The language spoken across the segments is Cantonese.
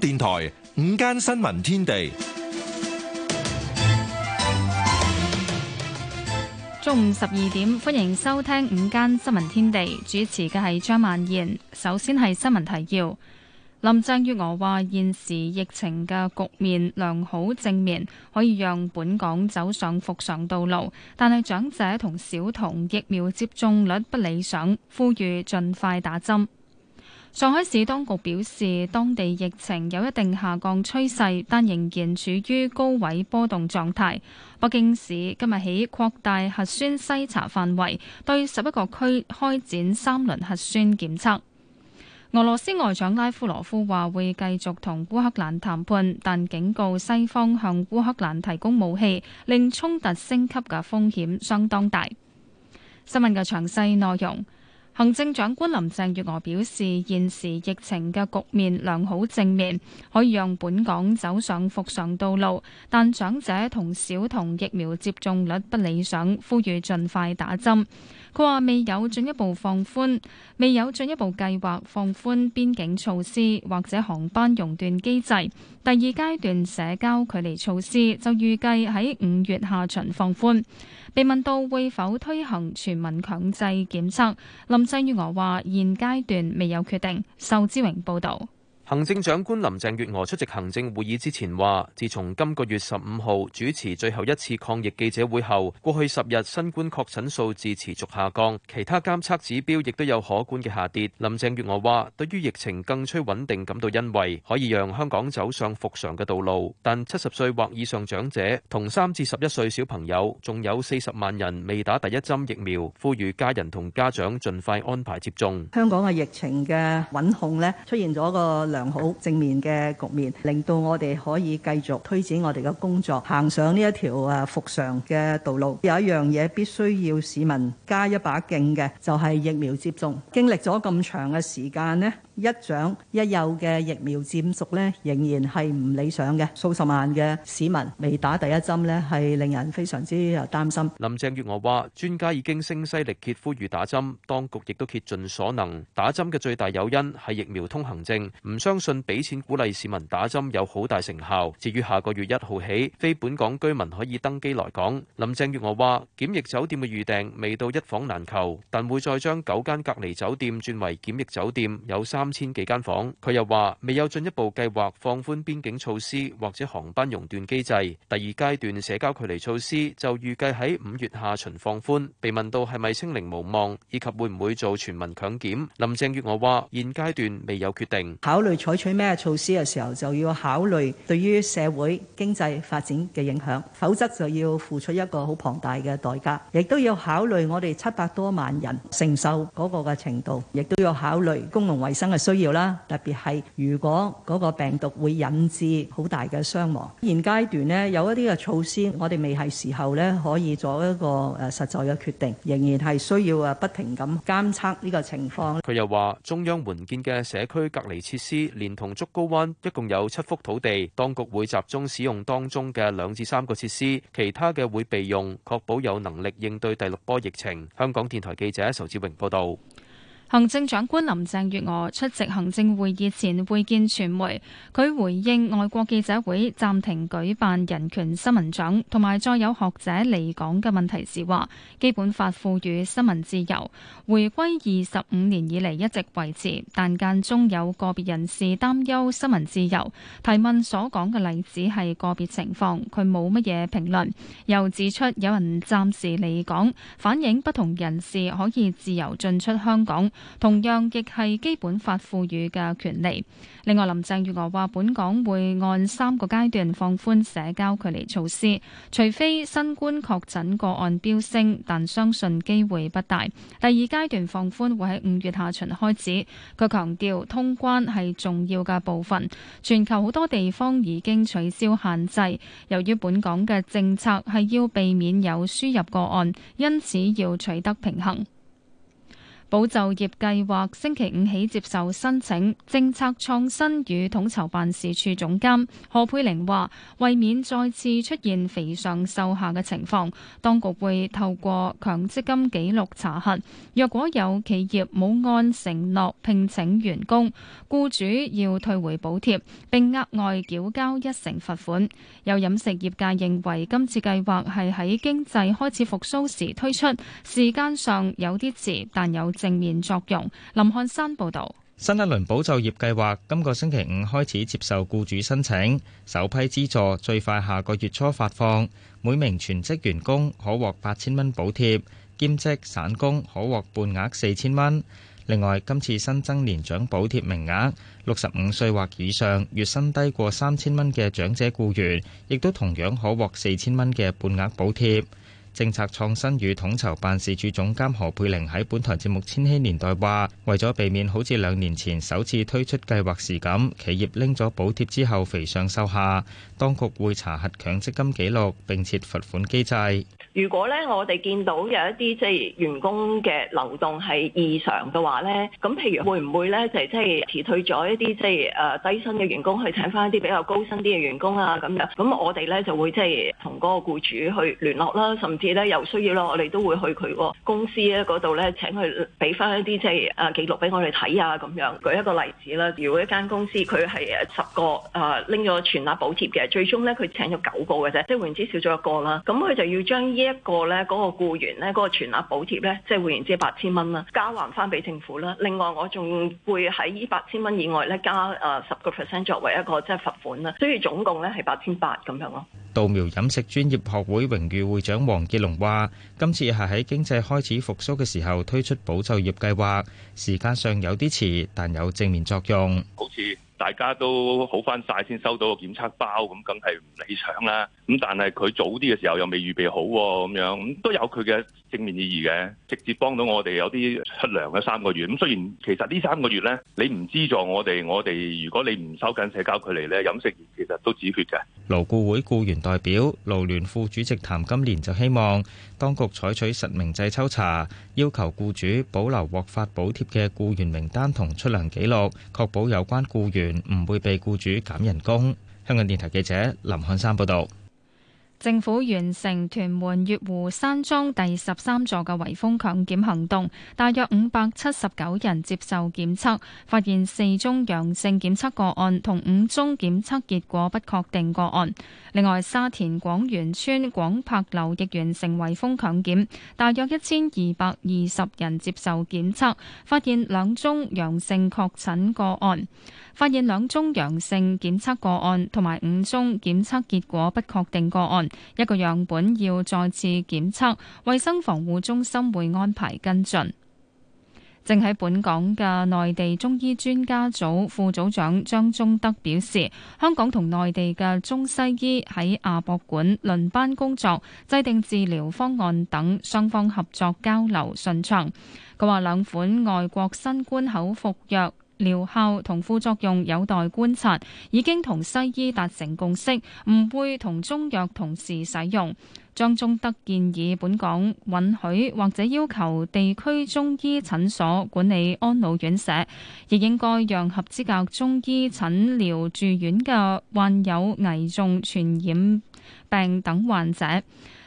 電台午間新聞天地，中午十二點歡迎收聽午間新聞天地，主持嘅係張曼燕。首先係新聞提要，林鄭月娥話現時疫情嘅局面良好正面，可以讓本港走上復常道路，但係長者同小童疫苗接種率不理想，呼籲盡快打針。上海市當局表示，當地疫情有一定下降趨勢，但仍然處於高位波動狀態。北京市今日起擴大核酸篩查範圍，對十一個區開展三輪核酸檢測。俄羅斯外長拉夫羅夫話會繼續同烏克蘭談判，但警告西方向烏克蘭提供武器，令衝突升級嘅風險相當大。新聞嘅詳細內容。行政長官林鄭月娥表示，現時疫情嘅局面良好正面，可以讓本港走上復常道路。但長者同小童疫苗接種率不理想，呼籲盡快打針。佢話未有進一步放寬，未有進一步計劃放寬邊境措施或者航班熔斷機制。第二階段社交距離措施就預計喺五月下旬放寬。被問到會否推行全民強制檢測，林曾月娥話：現階段未有決定。仇之榮報導。行政長官林鄭月娥出席行政會議之前話，自從今個月十五號主持最後一次抗疫記者會後，過去十日新冠確診數字持續下降，其他監測指標亦都有可觀嘅下跌。林鄭月娥話，對於疫情更趨穩定感到欣慰，可以讓香港走上復常嘅道路。但七十歲或以上長者同三至十一歲小朋友，仲有四十萬人未打第一針疫苗，呼籲家人同家長盡快安排接種。香港嘅疫情嘅穩控呢，出現咗個良好正面嘅局面，令到我哋可以繼續推展我哋嘅工作，行上呢一條啊復常嘅道路。有一樣嘢必須要市民加一把勁嘅，就係、是、疫苗接種。經歷咗咁長嘅時間呢，一長一幼嘅疫苗接種率呢，仍然係唔理想嘅。數十萬嘅市民未打第一針呢，係令人非常之擔心。林鄭月娥話：專家已經聲嘶力竭呼籲打針，當局亦都竭盡所能。打針嘅最大誘因係疫苗通行證，唔相信俾錢鼓勵市民打針有好大成效。至於下個月一號起，非本港居民可以登機來港，林鄭月娥話：檢疫酒店嘅預訂未到一房難求，但會再將九間隔離酒店轉為檢疫酒店，有三三千幾間房，佢又話未有進一步計劃放寬邊境措施或者航班熔斷機制。第二階段社交距離措施就預計喺五月下旬放寬。被問到係咪清零無望以及會唔會做全民強檢，林鄭月娥話現階段未有決定，考慮採取咩措施嘅時候就要考慮對於社會經濟發展嘅影響，否則就要付出一個好龐大嘅代價。亦都要考慮我哋七百多萬人承受嗰個嘅程度，亦都要考慮公共衛生嘅需要啦，特別係如果嗰個病毒會引致好大嘅傷亡，現階段咧有一啲嘅措施，我哋未係時候咧可以做一個誒實在嘅決定，仍然係需要啊不停咁監測呢個情況。佢又話，中央援建嘅社區隔離設施連同竹篙灣一共有七幅土地，當局會集中使用當中嘅兩至三個設施，其他嘅會備用，確保有能力應對第六波疫情。香港電台記者仇志榮報道。行政長官林鄭月娥出席行政會議前會見傳媒，佢回應外國記者會暫停舉辦人權新聞獎同埋再有學者離港嘅問題時話：基本法賦予新聞自由，回歸二十五年以嚟一直維持，但間中有個別人士擔憂新聞自由。提問所講嘅例子係個別情況，佢冇乜嘢評論。又指出有人暫時離港，反映不同人士可以自由進出香港。同樣亦係基本法賦予嘅權利。另外，林鄭月娥話：本港會按三個階段放寬社交距離措施，除非新冠確診個案飆升，但相信機會不大。第二階段放寬會喺五月下旬開始。佢強調通關係重要嘅部分。全球好多地方已經取消限制，由於本港嘅政策係要避免有輸入個案，因此要取得平衡。保就業計劃星期五起接受申請，政策創新與統籌辦事處總監何佩玲話，為免再次出現肥上瘦下嘅情況，當局會透過強積金紀錄查核，若果有企業冇按承諾聘請員工，僱主要退回補貼並額外繳交一成罰款。有飲食業界認為今次計劃係喺經濟開始復甦時推出，時間上有啲遲，但有。正面作用。林漢山報道，新一輪保就業計劃今個星期五開始接受雇主申請，首批資助最快下個月初發放，每名全職員工可獲八千蚊補貼，兼職散工可獲半額四千蚊。另外，今次新增年長補貼名額，六十五歲或以上月薪低過三千蚊嘅長者雇員，亦都同樣可獲四千蚊嘅半額補貼。政策創新與統籌辦事處總監何佩玲喺本台節目《千禧年代》話：為咗避免好似兩年前首次推出計劃時咁，企業拎咗補貼之後肥上瘦下，當局會查核強積金記錄，並設罰款機制。如果咧我哋見到有一啲即係員工嘅流動係異常嘅話咧，咁譬如會唔會咧就係即係辭退咗一啲即係誒低薪嘅員工去請翻一啲比較高薪啲嘅員工啊咁樣，咁我哋咧就會即係同嗰個僱主去聯絡啦，甚至，有需要啦，我哋都會去佢個公司咧嗰度咧，請佢俾翻一啲即係啊、呃、記錄俾我哋睇啊咁樣。舉一個例子啦，如果一間公司佢係十個啊拎咗全額補貼嘅，最終咧佢請咗九個嘅啫，即係換言之少咗一個啦。咁佢就要將呢、這、一個咧嗰、這個雇員咧、這個全額補貼咧，即係換言之八千蚊啦，交還翻俾政府啦。另外我仲會喺呢八千蚊以外咧加啊十個 percent 作為一個即係罰款啦，所以總共咧係八千八咁樣咯。稻苗飲食專業學會榮譽會長黃傑龍話，今次係喺經濟開始復甦嘅時候推出保就業計劃，時間上有啲遲，但有正面作用。好似大家都好翻晒，先收到個檢測包咁，梗係唔理想啦。咁但係佢早啲嘅時候又未預備好咁樣，咁都有佢嘅。正面意義嘅，直接幫到我哋有啲出糧嘅三個月。咁雖然其實呢三個月呢，你唔資助我哋，我哋如果你唔收緊社交距離呢，飲食業其實都止血嘅。勞顧會僱員代表勞聯副主席譚金蓮就希望當局採取實名制抽查，要求僱主保留獲發補貼嘅僱員名單同出糧記錄，確保有關僱員唔會被僱主減人工。香港電台記者林漢山報道。政府完成屯門悅湖山莊第十三座嘅圍封強檢行動，大約五百七十九人接受檢測，發現四宗陽性檢測個案同五宗檢測結果不確定個案。另外，沙田廣源村廣柏樓亦完成圍封強檢，大約一千二百二十人接受檢測，發現兩宗陽性確診個案，發現兩宗陽性檢測個案同埋五宗檢測結果不確定個案。一個樣本要再次檢測，衛生防護中心會安排跟進。正喺本港嘅內地中醫專家組副組長張忠德表示，香港同內地嘅中西醫喺亞博館輪班工作，制定治療方案等，雙方合作交流順暢。佢話兩款外國新冠口服藥，療效同副作用有待觀察，已經同西醫達成共識，唔會同中藥同時使用。張忠德建議本港允許或者要求地區中醫診所管理安老院舍，亦應該讓合資格中醫診療住院嘅患有危重傳染病等患者。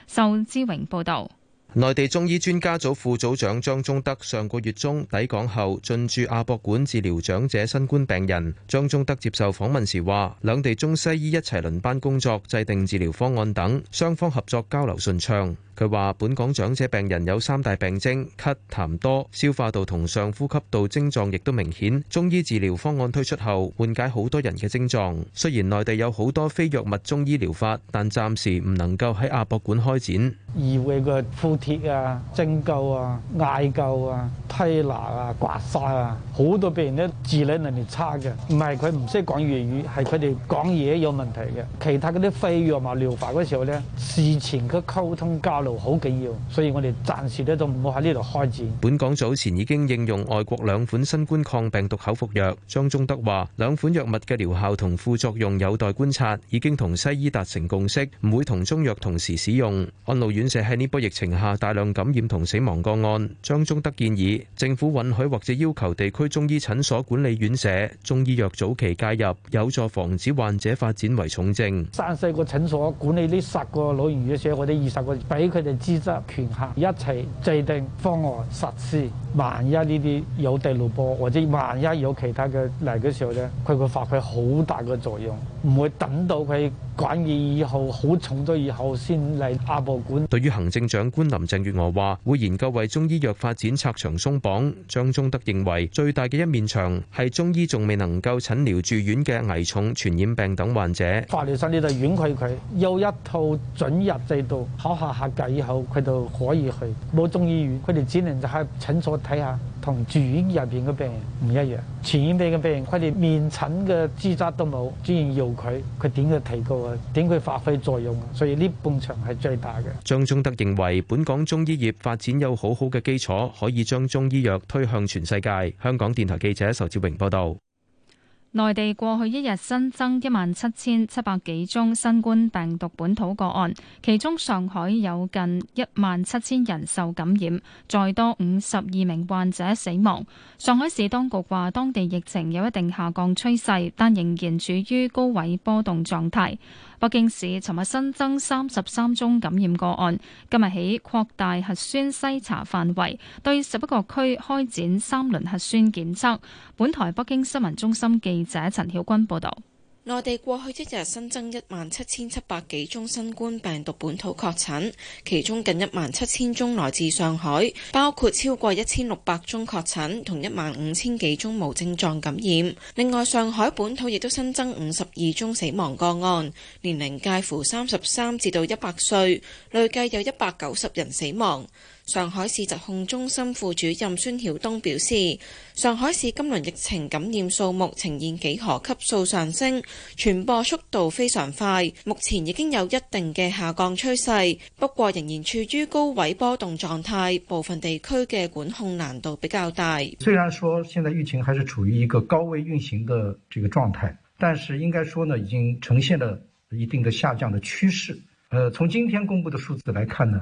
受之榮報道。內地中醫專家組副組長張忠德上個月中抵港後進駐亞博館治療長者新冠病人。張忠德接受訪問時話：兩地中西醫一齊輪班工作，制定治療方案等，雙方合作交流順暢。佢話：本港長者病人有三大病徵，咳痰，痰多，消化道同上呼吸道症狀亦都明顯。中醫治療方案推出後，緩解好多人嘅症狀。雖然內地有好多非藥物中醫療法，但暫時唔能夠喺亞博館開展。鐵啊、針灸啊、艾灸啊、推拿啊、刮痧啊，好多病人咧自理能力差嘅，唔係佢唔識講粵語，係佢哋講嘢有問題嘅。其他嗰啲非藥物療法嗰時候咧，事前嘅溝通交流好緊要，所以我哋暫時咧都唔好喺呢度開展。本港早前已經應用外國兩款新冠抗病毒口服藥，張忠德話：兩款藥物嘅療效同副作用有待觀察，已經同西醫達成共識，唔會同中藥同時使用。安老院舍喺呢波疫情下，大量感染同死亡個案，張忠德建議政府允許或者要求地區中醫診所管理院舍中醫藥早期介入，有助防止患者發展為重症。三四個診所管理呢十個老院社，或者二十個俾佢哋資質權限，一齊制定方案實施。萬一呢啲有第六波，或者萬一有其他嘅嚟嘅時候咧，佢會發揮好大嘅作用。唔會等到佢感染以後好重咗以後先嚟亞博館。對於行政長官林鄭月娥話，會研究為中醫藥發展拆牆鬆綁。張忠德認為，最大嘅一面牆係中醫仲未能夠診療住院嘅危重傳染病等患者。掛了診你就軟佢佢，有一套准入制度，考，考下合格以後佢就可以去。冇中醫院，佢哋只能就喺診所睇下。同住院入邊嘅病人唔一樣，出院病嘅病人佢連面診嘅資質都冇，專然要佢，佢點去提高啊？點去發揮作用啊？所以呢半場係最大嘅。張忠德認為，本港中醫業發展有好好嘅基礎，可以將中醫藥推向全世界。香港電台記者仇志榮報道。內地過去一日新增一萬七千七百幾宗新冠病毒本土個案，其中上海有近一萬七千人受感染，再多五十二名患者死亡。上海市當局話，當地疫情有一定下降趨勢，但仍然處於高位波動狀態。北京市尋日新增三十三宗感染個案，今日起擴大核酸篩查範圍，對十一個區開展三輪核酸檢測。本台北京新聞中心記者陳曉君報道。內地過去一日新增一萬七千七百幾宗新冠病毒本土確診，其中近一萬七千宗來自上海，包括超過一千六百宗確診，同一萬五千幾宗無症狀感染。另外，上海本土亦都新增五十二宗死亡個案，年齡介乎三十三至到一百歲，累計有一百九十人死亡。上海市疾控中心副主任孫曉東表示，上海市今輪疫情感染數目呈現幾何級數上升，傳播速度非常快，目前已經有一定嘅下降趨勢，不過仍然處於高位波動狀態，部分地區嘅管控難度比較大。雖然說現在疫情還是處於一個高位運行的這個狀態，但是應該說呢，已經呈現了一定的下降的趨勢。呃，從今天公布的數字來看呢，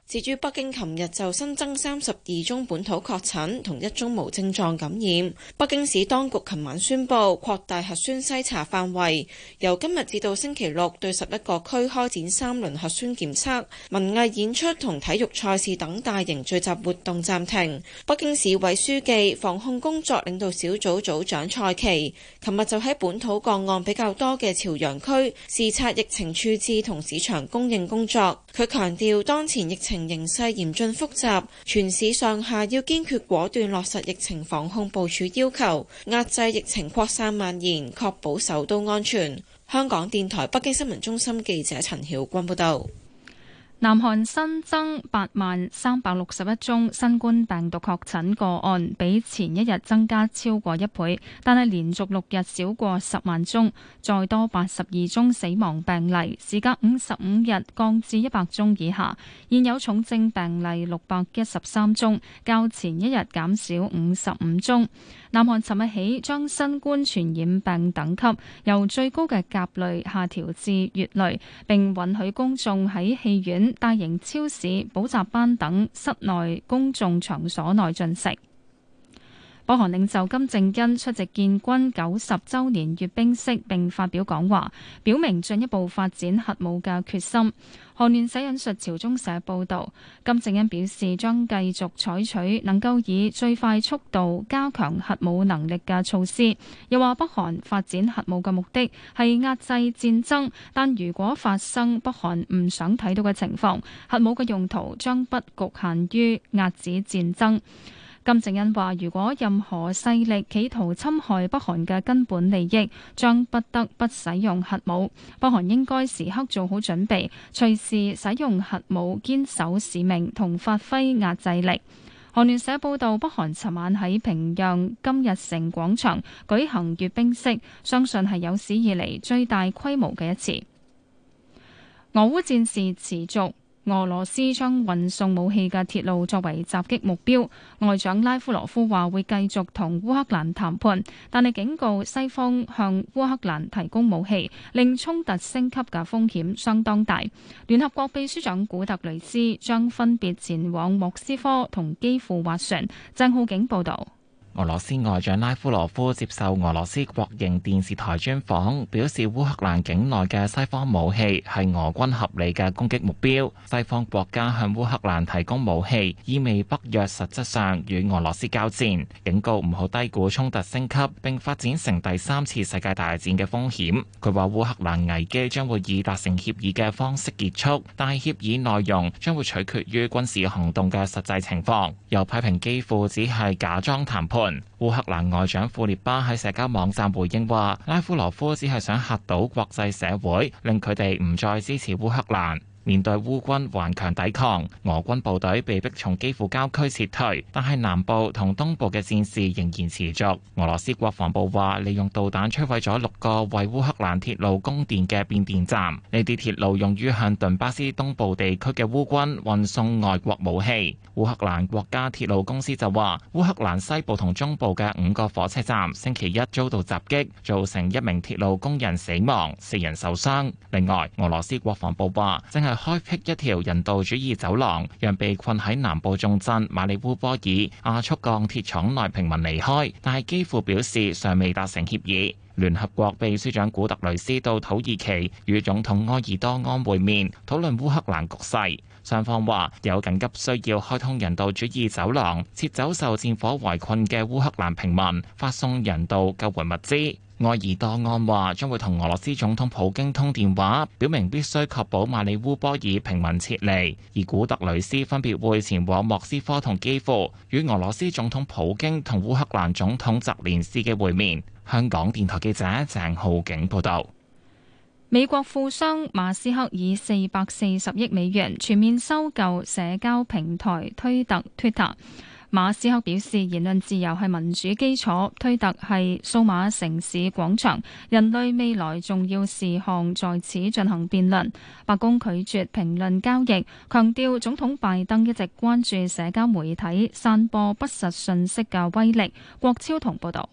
至於北京琴日就新增三十二宗本土確診同一宗無症狀感染，北京市當局琴晚宣布擴大核酸篩查範圍，由今日至到星期六對十一個區開展三輪核酸檢測。文藝演出同體育賽事等大型聚集活動暫停。北京市委書記、防控工作領導小組組長蔡奇，琴日就喺本土個案比較多嘅朝陽區視察疫情處置同市場供應工作。佢強調當前疫情形勢嚴峻複雜，全市上下要堅決果斷落實疫情防控部署要求，壓制疫情擴散蔓延，確保首都安全。香港電台北京新聞中心記者陳曉君報道。南韓新增八萬三百六十一宗新冠病毒確診個案，比前一日增加超過一倍，但係連續六日少過十萬宗，再多八十二宗死亡病例，時隔五十五日降至一百宗以下。現有重症病例六百一十三宗，較前一日減少五十五宗。南韓尋日起將新冠傳染病等級由最高嘅甲類下調至乙類，並允許公眾喺戲院、大型超市、補習班等室內公眾場所內進食。北韓領袖金正恩出席建軍九十週年閱兵式並發表講話，表明進一步發展核武嘅決心。韓聯社引述朝中社報導，金正恩表示將繼續採取能夠以最快速度加強核武能力嘅措施。又話北韓發展核武嘅目的係壓制戰爭，但如果發生北韓唔想睇到嘅情況，核武嘅用途將不局限於壓止戰爭。金正恩話：如果任何勢力企圖侵害北韓嘅根本利益，將不得不使用核武。北韓應該時刻做好準備，隨時使用核武堅守使命同發揮壓制力。韓聯社報道，北韓尋晚喺平壤金日成廣場舉行閱兵式，相信係有史以嚟最大規模嘅一次。俄烏戰事持續。俄羅斯將運送武器嘅鐵路作為襲擊目標，外長拉夫羅夫話會繼續同烏克蘭談判，但係警告西方向烏克蘭提供武器，令衝突升級嘅風險相當大。聯合國秘書長古特雷斯將分別前往莫斯科同基輔斡旋。鄭浩景報道。俄羅斯外長拉夫羅夫接受俄羅斯國營電視台專訪，表示烏克蘭境內嘅西方武器係俄軍合理嘅攻擊目標。西方國家向烏克蘭提供武器，意味北約實質上與俄羅斯交戰，警告唔好低估衝突升級並發展成第三次世界大戰嘅風險。佢話烏克蘭危機將會以達成協議嘅方式結束，但係協議內容將會取決於軍事行動嘅實際情況。又批評基輔只係假裝談判。烏克蘭外長庫列巴喺社交網站回應話：拉夫羅夫只係想嚇倒國際社會，令佢哋唔再支持烏克蘭。面對烏軍頑強抵抗，俄軍部隊被迫從基輔郊區撤退，但係南部同東部嘅戰事仍然持續。俄羅斯國防部話，利用導彈摧毀咗六個為烏克蘭鐵路供電嘅變電站，呢啲鐵路用於向頓巴斯東部地區嘅烏軍運送外國武器。烏克蘭國家鐵路公司就話，烏克蘭西部同中部嘅五個火車站星期一遭到襲擊，造成一名鐵路工人死亡，四人受傷。另外，俄羅斯國防部話，今日開闢一條人道主義走廊，讓被困喺南部重鎮馬里烏波爾亞速鋼鐵廠內平民離開，但係幾乎表示尚未達成協議。聯合國秘書長古特雷斯到土耳其與總統埃爾多安會面，討論烏克蘭局勢。雙方話有緊急需要開通人道主義走廊，撤走受戰火圍困嘅烏克蘭平民，發送人道救援物資。愛爾多安話將會同俄羅斯總統普京通電話，表明必須確保馬里烏波爾平民撤離。而古特雷斯分別會前往莫斯科同基輔，與俄羅斯總統普京同烏克蘭總統澤連斯基會面。香港電台記者鄭浩景報道。美國富商馬斯克以四百四十億美元全面收購社交平台推特，推特。Twitter。馬斯克表示，言論自由係民主基礎，推特係數碼城市廣場，人類未來重要事項在此進行辯論。白宮拒絕評論交易，強調總統拜登一直關注社交媒體散播不實訊息嘅威力。郭超同報導，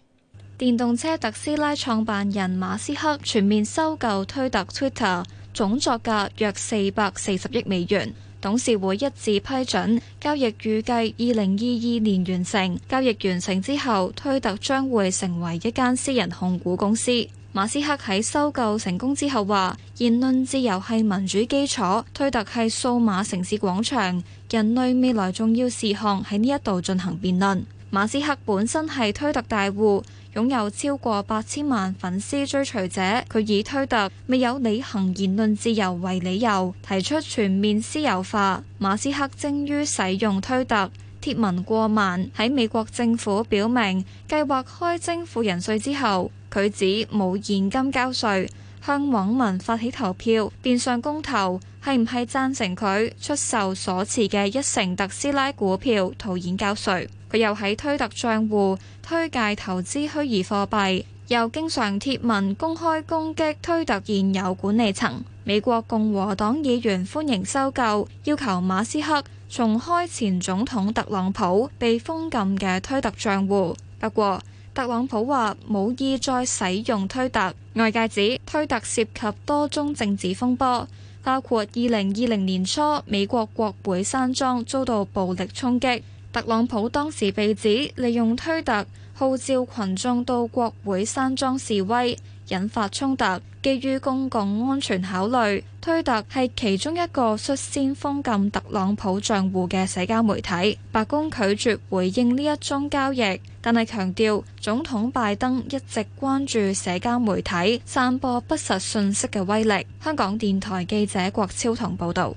電動車特斯拉創辦人馬斯克全面收購推特 （Twitter），總作價約四百四十億美元。董事會一致批准交易，預計二零二二年完成。交易完成之後，推特將會成為一間私人控股公司。馬斯克喺收購成功之後話：言論自由係民主基礎，推特係數碼城市廣場，人類未來重要事項喺呢一度進行辯論。馬斯克本身係推特大戶，擁有超過八千萬粉絲追隨者。佢以推特未有履行言論自由為理由，提出全面私有化。馬斯克精於使用推特，貼文過萬。喺美國政府表明計劃開徵富人稅之後，佢指冇現金交稅。向網民發起投票，變相公投，係唔係贊成佢出售所持嘅一成特斯拉股票套現交稅？佢又喺推特賬戶推介投資虛擬貨幣，又經常貼文公開攻擊推特現有管理層。美國共和黨議員歡迎收購，要求馬斯克重開前總統特朗普被封禁嘅推特賬戶。不過特朗普話冇意再使用推特。外界指推特涉及多宗政治風波，包括二零二零年初美國國會山莊遭到暴力衝擊，特朗普當時被指利用推特號召群眾到國會山莊示威。引發衝突，基於公共安全考慮，推特係其中一個率先封禁特朗普賬戶嘅社交媒體。白宮拒絕回應呢一宗交易，但係強調總統拜登一直關注社交媒體散播不實信息嘅威力。香港電台記者郭超彤報道。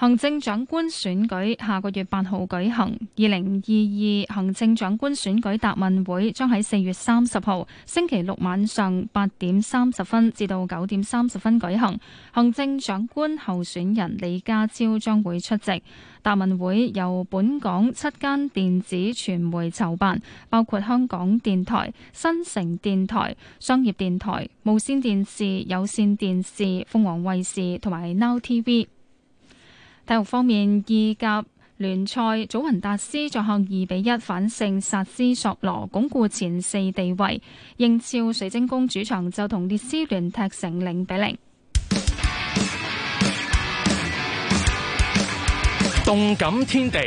行政長官選舉下個月八號舉行，二零二二行政長官選舉答問會將喺四月三十號星期六晚上八點三十分至到九點三十分舉行。行政長官候選人李家超將會出席。答問會由本港七間電子傳媒籌辦，包括香港電台、新城電台、商業電台、無綫電視、有線電視、鳳凰衛視同埋 Now TV。體育方面，意甲聯賽，祖雲達斯作客二比一反勝薩斯索羅，鞏固前四地位。英超水晶宮主場就同列斯聯踢成零比零。動感天地。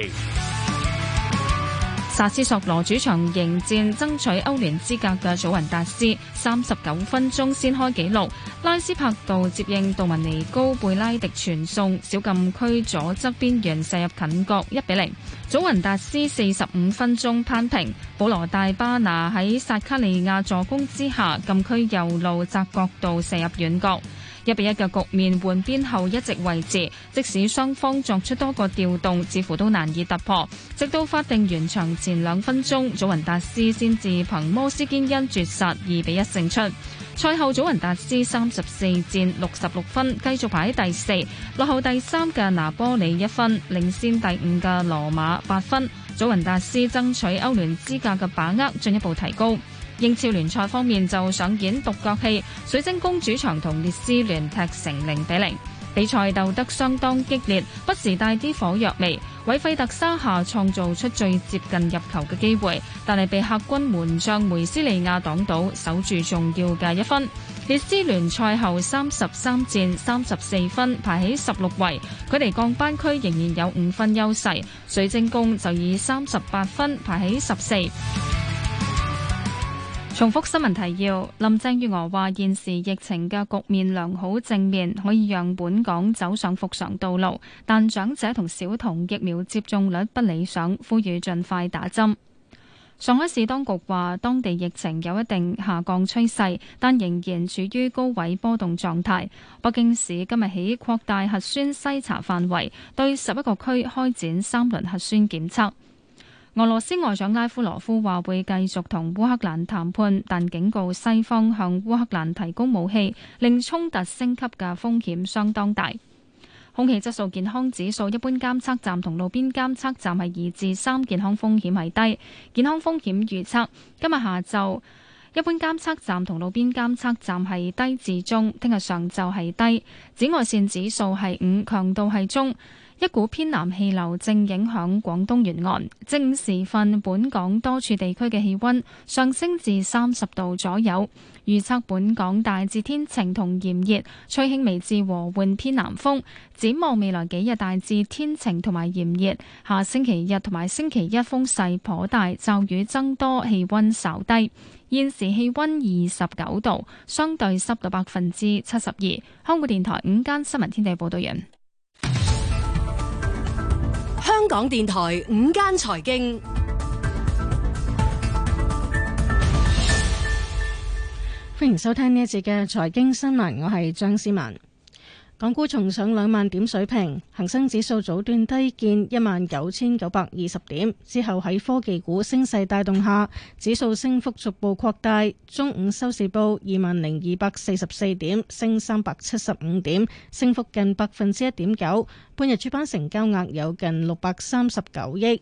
達斯索羅主場迎戰爭取歐聯資格嘅祖雲達斯，三十九分鐘先開紀錄，拉斯柏度接應杜文尼高貝拉迪傳送，小禁區左側邊緣射入近角，一比零。祖雲達斯四十五分鐘扳平，保羅大巴拿喺薩卡利亞助攻之下，禁區右路窄角度射入遠角。一比一嘅局面換邊後一直維持，即使雙方作出多個調動，似乎都難以突破。直到法定完場前兩分鐘，祖雲達斯先至憑摩斯堅恩絕殺二比一勝出。賽後祖雲達斯三十四戰六十六分，繼續排喺第四，落後第三嘅拿波里一分，領先第五嘅羅馬八分。祖雲達斯爭取歐聯資格嘅把握進一步提高。英超聯賽方面就上演獨角戲，水晶宮主場同列斯聯踢成零比零，比賽鬥得相當激烈，不時帶啲火藥味。韋費特沙夏創造出最接近入球嘅機會，但係被客軍門將梅斯利亞擋到，守住重要嘅一分。列斯聯賽後三十三戰三十四分，排喺十六位，佢離降班區仍然有五分優勢。水晶宮就以三十八分排喺十四。重複新聞提要：林鄭月娥話現時疫情嘅局面良好正面，可以讓本港走上復常道路。但長者同小童疫苗接種率不理想，呼籲盡快打針。上海市當局話，當地疫情有一定下降趨勢，但仍然處於高位波動狀態。北京市今日起擴大核酸篩查範圍，對十一個區開展三輪核酸檢測。俄羅斯外長拉夫羅夫話會繼續同烏克蘭談判，但警告西方向烏克蘭提供武器，令衝突升級嘅風險相當大。空氣質素健康指數，一般監測站同路邊監測站係二至三，健康風險係低。健康風險預測，今日下晝，一般監測站同路邊監測站係低至中，聽日上晝係低。紫外線指數係五，強度係中。一股偏南氣流正影響廣東沿岸，正時分本港多處地區嘅氣温上升至三十度左右。預測本港大致天晴同炎熱，吹輕微至和緩偏南風。展望未來幾日大致天晴同埋炎熱，下星期日同埋星期一風勢頗大，驟雨增多，氣温稍低。現時氣温二十九度，相對濕度百分之七十二。香港電台午間新聞天地報道員。港電台午間財經。歡迎收聽呢一節嘅財經新聞，我係張思文。港股重上兩萬點水平，恒生指數早段低見一萬九千九百二十點，之後喺科技股升勢帶動下，指數升幅逐步擴大。中午收市報二萬零二百四十四點，升三百七十五點，升幅近百分之一點九。半日主板成交額有近六百三十九億。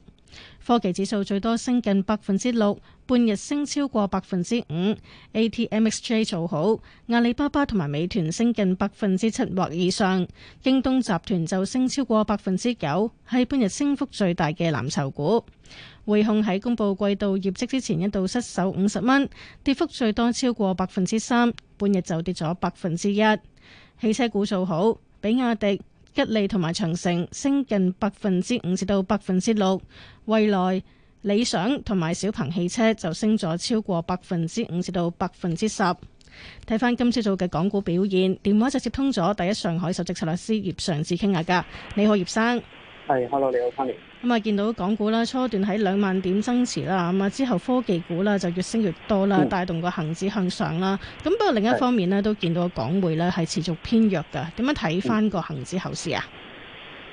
科技指數最多升近百分之六，半日升超過百分之五。ATMXJ 做好，阿里巴巴同埋美團升近百分之七或以上，京東集團就升超過百分之九，係半日升幅最大嘅藍籌股。匯控喺公布季度業績之前一度失守五十蚊，跌幅最多超過百分之三，半日就跌咗百分之一。汽車股做好，比亞迪、吉利同埋長城升近百分之五至到百分之六，蔚來、理想同埋小鵬汽車就升咗超過百分之五至到百分之十。睇翻今朝早嘅港股表現，電話就接通咗第一上海首席策略師葉尚志傾下噶。你好葉生。係、hey，hello，你好，歡迎。咁啊，見到港股咧初段喺兩萬點增持啦，咁啊之後科技股咧就越升越多啦，帶動個恒指向上啦。咁、嗯、不過另一方面咧，的都見到港匯咧係持續偏弱嘅。點樣睇翻個恒指後市啊、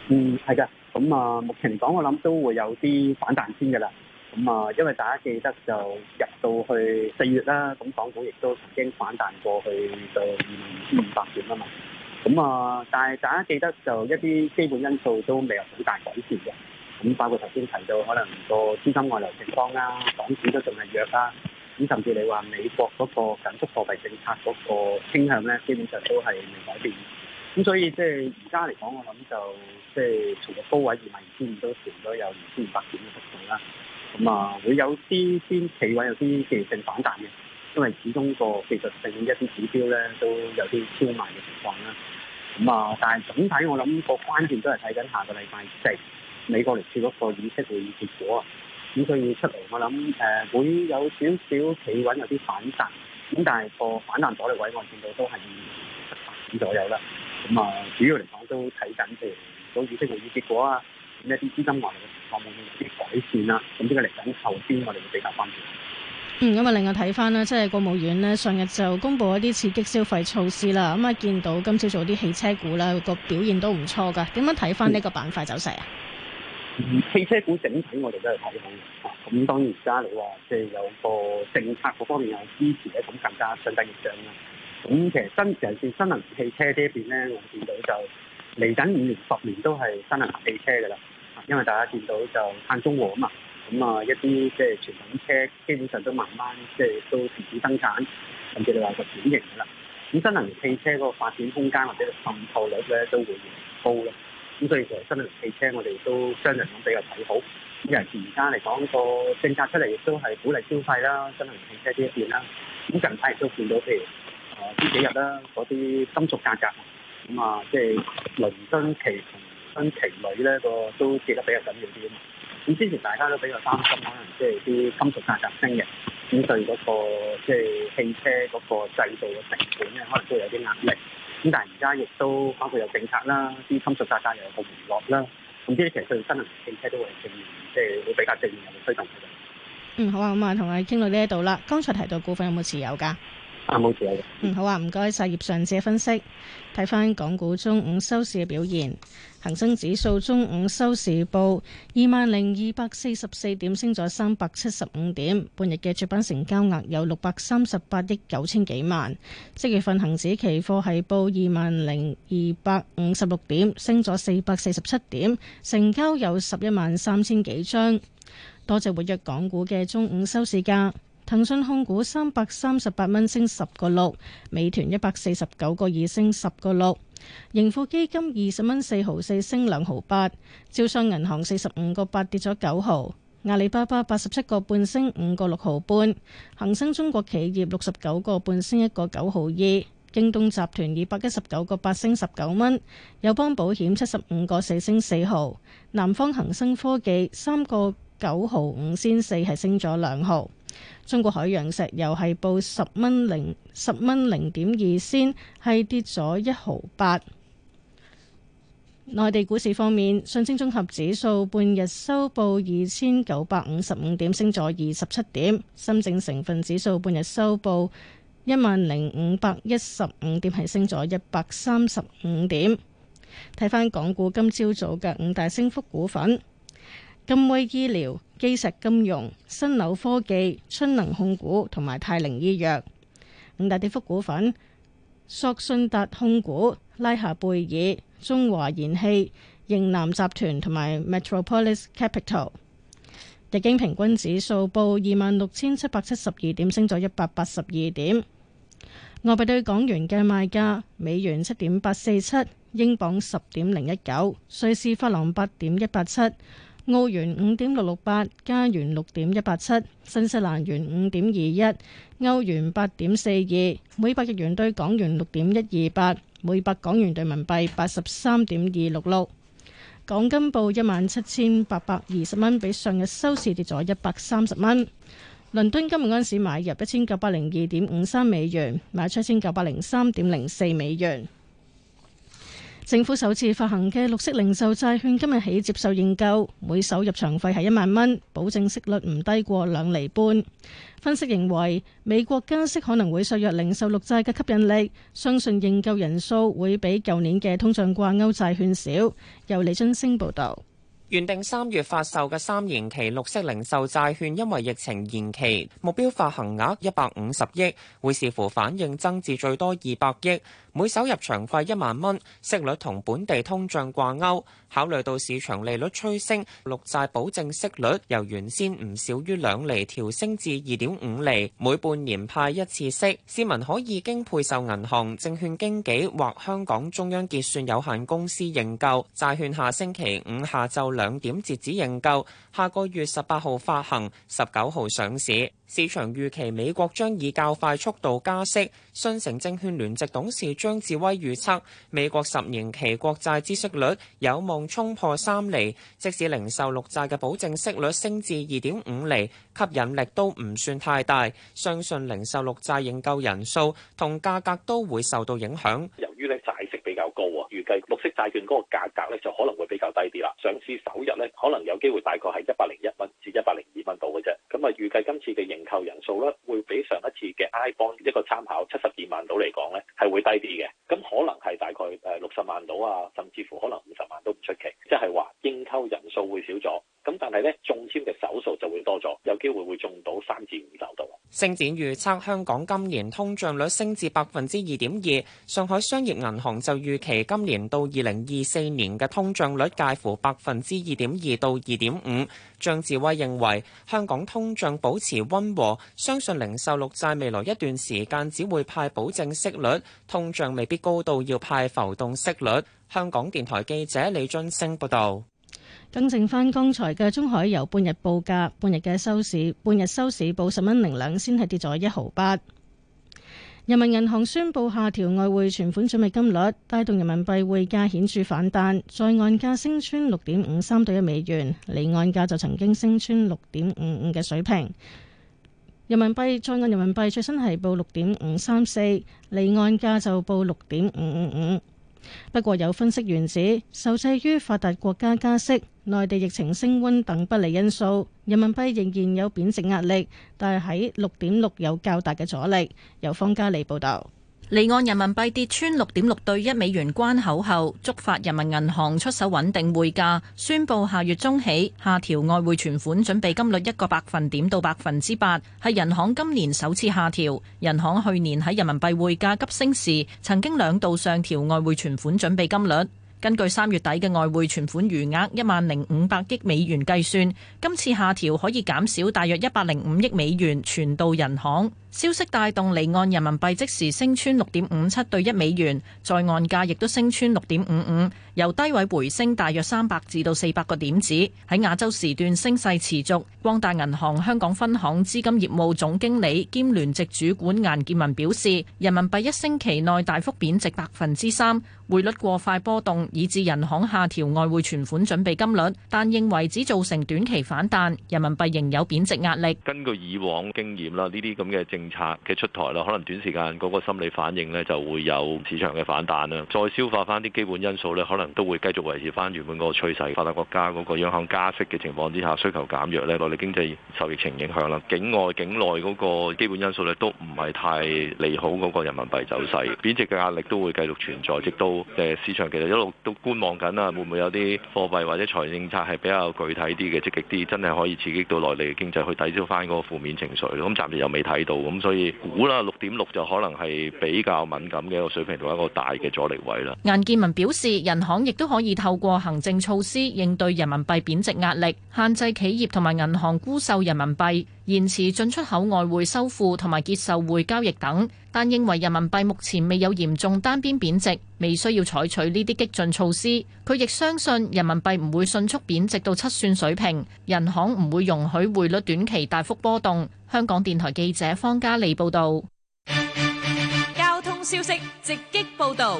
嗯？嗯，係嘅。咁啊，目前講，我諗都會有啲反彈先嘅啦。咁、嗯、啊，因為大家記得就入到去四月啦，咁港股亦都曾經反彈過去到五百點啊嘛。咁、嗯、啊，但係大家記得就一啲基本因素都未有好大改善嘅。咁包括頭先提到，可能個資金外流情況啦、啊，港紙都仲係弱啦、啊。咁甚至你話美國嗰個緊縮貨幣政策嗰個傾向咧，基本上都係未改變。咁所以即係而家嚟講，我諗就即係從個高位二萬二千都跌咗有二千五百點嘅幅度啦、啊。咁啊，會有啲先企穩，有啲技術性反彈嘅，因為始終個技術性一啲指標咧都有啲超賣嘅情況啦、啊。咁啊，但係總體我諗個關鍵都係睇緊下個禮拜四。即係美國嚟次嗰個議息會議結果啊，咁所以出嚟我諗誒、呃、會有少少企穩，有啲反彈。咁但係個反彈阻力位，我見到都係七八點左右啦。咁、嗯、啊，主要嚟講都睇緊嘅，嗰議息會議結果啊，咁一啲資金外嘅情況會唔會有啲改善啦。咁呢個嚟緊，後邊我哋會比較關注。嗯，咁啊，另外睇翻咧，即係國務院咧，上日就公布一啲刺激消費措施啦。咁啊，見到今朝早啲汽車股咧個表現都唔錯噶。點樣睇翻呢個板塊走勢啊？嗯嗯、汽車股整體我哋都係睇好嘅，咁、啊嗯、當然而家你話即係有個政策嗰方面又支持咧，咁更加相對越漲啦。咁、嗯、其實新尤其是新能源汽車邊呢一邊咧，我見到就嚟緊五年十年都係新能源汽車嘅啦、啊，因為大家見到就碳中和啊嘛，咁、嗯、啊一啲即係傳統車基本上都慢慢即係、就是、都停止生產，甚至你話個轉型噶啦。咁、嗯、新能源汽車嗰個發展空間或者個滲透率咧都會高咯。咁所以其實新能源汽車我哋都相對講比較睇好。咁尤其是而家嚟講個政策出嚟亦都係鼓勵消費啦，新能源汽車呢一邊啦。咁近排亦都見到譬如啊呢幾日啦，嗰啲金屬價格咁啊，即係倫敦期同新期裏咧個都跌得比較緊要啲啊嘛。咁之前大家都比較擔心，可能即係啲金屬價格升嘅，咁對嗰個即係汽車嗰個製造嘅成本咧，可能都有啲壓力。咁但係而家亦都包括有政策啦，啲金融紮紮又有個回落啦，總之其實對金融政策都會正面，即係會比較正面有推動佢。嗯，好啊，咁啊同你傾到呢一度啦。剛才提到股份有冇持有㗎？好，嗯，好啊，唔該晒。葉尚志分析，睇翻港股中午收市嘅表現。恒生指數中午收市報二萬零二百四十四點，升咗三百七十五點。半日嘅主板成交額有六百三十八億九千幾萬。即月份恒指期貨係報二萬零二百五十六點，升咗四百四十七點，成交有十一萬三千幾張。多隻活躍港股嘅中午收市價。騰訊控股三百三十八蚊，升十個六；美團一百四十九個二，升十個六；盈富基金二十蚊四毫四，升兩毫八；招商銀行四十五個八，跌咗九毫；阿里巴巴八十七個半，升五個六毫半；恒生中國企業六十九個半，升一個九毫二；京東集團二百一十九個八，升十九蚊；友邦保險七十五個四，升四毫；南方恒生科技三個九毫五，先四係升咗兩毫。中國海洋石油係報十蚊零十蚊零點二仙，係跌咗一毫八。內地股市方面，上證綜合指數半日收報二千九百五十五點，升咗二十七點。深證成分指數半日收報一萬零五百一十五點，係升咗一百三十五點。睇翻港股今朝早嘅五大升幅股份。金威醫療、基石金融、新紐科技、春能控股同埋泰凌醫藥。五大跌幅股份，索信達控股、拉夏貝爾、中華燃氣、營南集團同埋 Metropolis Capital。日經平均指數報二萬六千七百七十二點，升咗一百八十二點。外幣對港元嘅賣價：美元七點八四七，英鎊十點零一九，瑞士法郎八點一八七。澳元五點六六八，加元六點一八七，新西蘭元五點二一，歐元八點四二，每百日元對港元六點一二八，每百港元對人民幣八十三點二六六。港金報一萬七千八百二十蚊，比上日收市跌咗一百三十蚊。倫敦金晏市買入一千九百零二點五三美元，賣出一千九百零三點零四美元。政府首次發行嘅綠色零售債券今日起接受認購，每手入場費係一萬蚊，保證息率唔低過兩厘半。分析認為，美國加息可能會削弱零售綠債嘅吸引力，相信認購人數會比舊年嘅通脹掛鈎債券少。由李津升報道。原定三月發售嘅三年期綠色零售債券，因為疫情延期，目標發行額一百五十億會視乎反應，增至最多二百億，每手入場費一萬蚊，息率同本地通脹掛鈎。考慮到市場利率趨升，綠債保證息率由原先唔少於兩厘調升至二點五厘，每半年派一次息。市民可以經配售銀行、證券經紀或香港中央結算有限公司認購債券。下星期五下晝兩點截止認購，下個月十八號發行，十九號上市。市場預期美國將以較快速度加息。信誠證券聯席董事張智威預測，美國十年期國債孳息率有望衝破三厘，即使零售綠債嘅保證息率升至二點五厘，吸引力都唔算太大。相信零售綠債認購人數同價格都會受到影響。計綠色債券嗰個價格咧，就可能會比較低啲啦。上市首日咧，可能有機會大概係一百零一蚊至一百零二蚊到嘅啫。咁啊，預計今次嘅認購人數咧，會比上一次嘅 iBond，一個參考七十二萬到嚟講咧，係會低啲嘅。咁可能係大概誒六十萬到啊，甚至乎可能五十萬都唔出奇。即係話認購人數會少咗。咁但係咧，中籤嘅手數。星展預測香港今年通脹率升至百分之二點二，上海商業銀行就預期今年到二零二四年嘅通脹率介乎百分之二點二到二點五。張志威認為香港通脹保持溫和，相信零售綠債未來一段時間只會派保證息率，通脹未必高到要派浮動息率。香港電台記者李俊升報導。更正返剛才嘅中海油半日報價、半日嘅收市、半日收市報十蚊零兩，先係跌咗一毫八。人民銀行宣布下調外匯存款準備金率，帶動人民幣匯價顯著反彈，在岸價升穿六點五三對一美元，離岸價就曾經升穿六點五五嘅水平。人民幣在岸人民幣最新係報六點五三四，離岸價就報六點五五五。不過有分析員指，受制於發達國家加息，內地疫情升溫等不利因素，人民幣仍然有貶值壓力，但係喺六點六有較大嘅阻力。由方家利報道，離岸人民幣跌穿六點六對一美元關口後，觸發人民銀行出手穩定匯價，宣布下月中起下調外匯存款準備金率一個百分點到百分之八，係人行今年首次下調。人行去年喺人民幣匯價急升時，曾經兩度上調外匯存款準備金率。根據三月底嘅外匯存款餘額一萬零五百億美元計算，今次下調可以減少大約一百零五億美元存到銀行。消息帶動離岸人民幣即時升穿六點五七對一美元，在岸價亦都升穿六點五五，由低位回升大約三百至到四百個點子。喺亞洲時段升勢持續。光大銀行香港分行資金業務總經理兼聯席主管顏建文表示，人民幣一星期內大幅貶值百分之三，匯率過快波動以致人行下調外匯存款準備金率，但認為只造成短期反彈，人民幣仍有貶值壓力。根據以往經驗啦，呢啲咁嘅政政策嘅出台啦，可能短時間嗰個心理反應呢就會有市場嘅反彈啦。再消化翻啲基本因素呢，可能都會繼續維持翻原本個趨勢。發達國家嗰個央行加息嘅情況之下，需求減弱呢，內地經濟受疫情影響啦，境外、境內嗰個基本因素呢，都唔係太利好嗰個人民幣走勢，貶值嘅壓力都會繼續存在，直到誒市場其實一路都觀望緊啊，會唔會有啲貨幣或者財政策係比較具體啲嘅積極啲，真係可以刺激到內地嘅經濟去抵消翻嗰個負面情緒？咁暫時又未睇到。咁所以估啦，六點六就可能係比較敏感嘅一個水平同一個大嘅阻力位啦。顏建文表示，人行亦都可以透過行政措施應對人民幣貶值壓力，限制企業同埋銀行沽售人民幣，延遲進出口外匯收付同埋結售匯交易等。但認為人民幣目前未有嚴重單邊貶值，未需要採取呢啲激進措施。佢亦相信人民幣唔會迅速貶值到七算水平，人行唔會容許匯率短期大幅波動。香港電台記者方嘉利報道。交通消息直擊報導。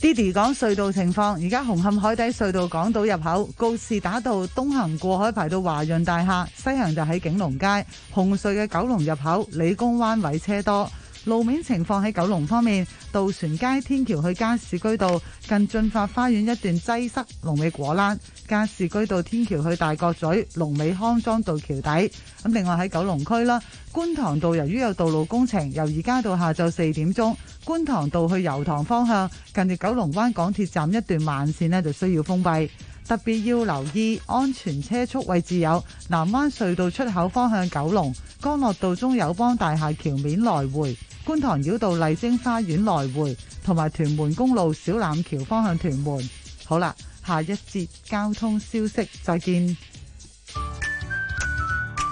Diddy 講隧道情況，而家紅磡海底隧道港島入口告士打道東行過海排到華潤大廈，西行就喺景隆街。紅隧嘅九龍入口理工彎位車多。路面情況喺九龍方面，渡船街天橋去加士居道近駿發花園一段擠塞龍，龍尾果欄。加士居道天橋去大角咀，龍尾康莊道橋底。咁另外喺九龍區啦，觀塘道由於有道路工程，由而家到下晝四點鐘，觀塘道去油塘方向近住九龍灣港鐵站一段慢線呢就需要封閉。特別要留意安全車速位置有南灣隧道出口方向九龍，干諾道中友邦大廈橋面來回。觀塘繞道麗晶花園來回，同埋屯門公路小欖橋方向屯門。好啦，下一節交通消息，再見。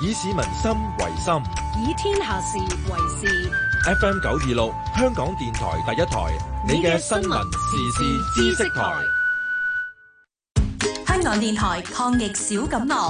以市民心為心，以天下事為事。FM 九二六，香港電台第一台，你嘅新聞時事知識台。香港電台抗疫小錦囊。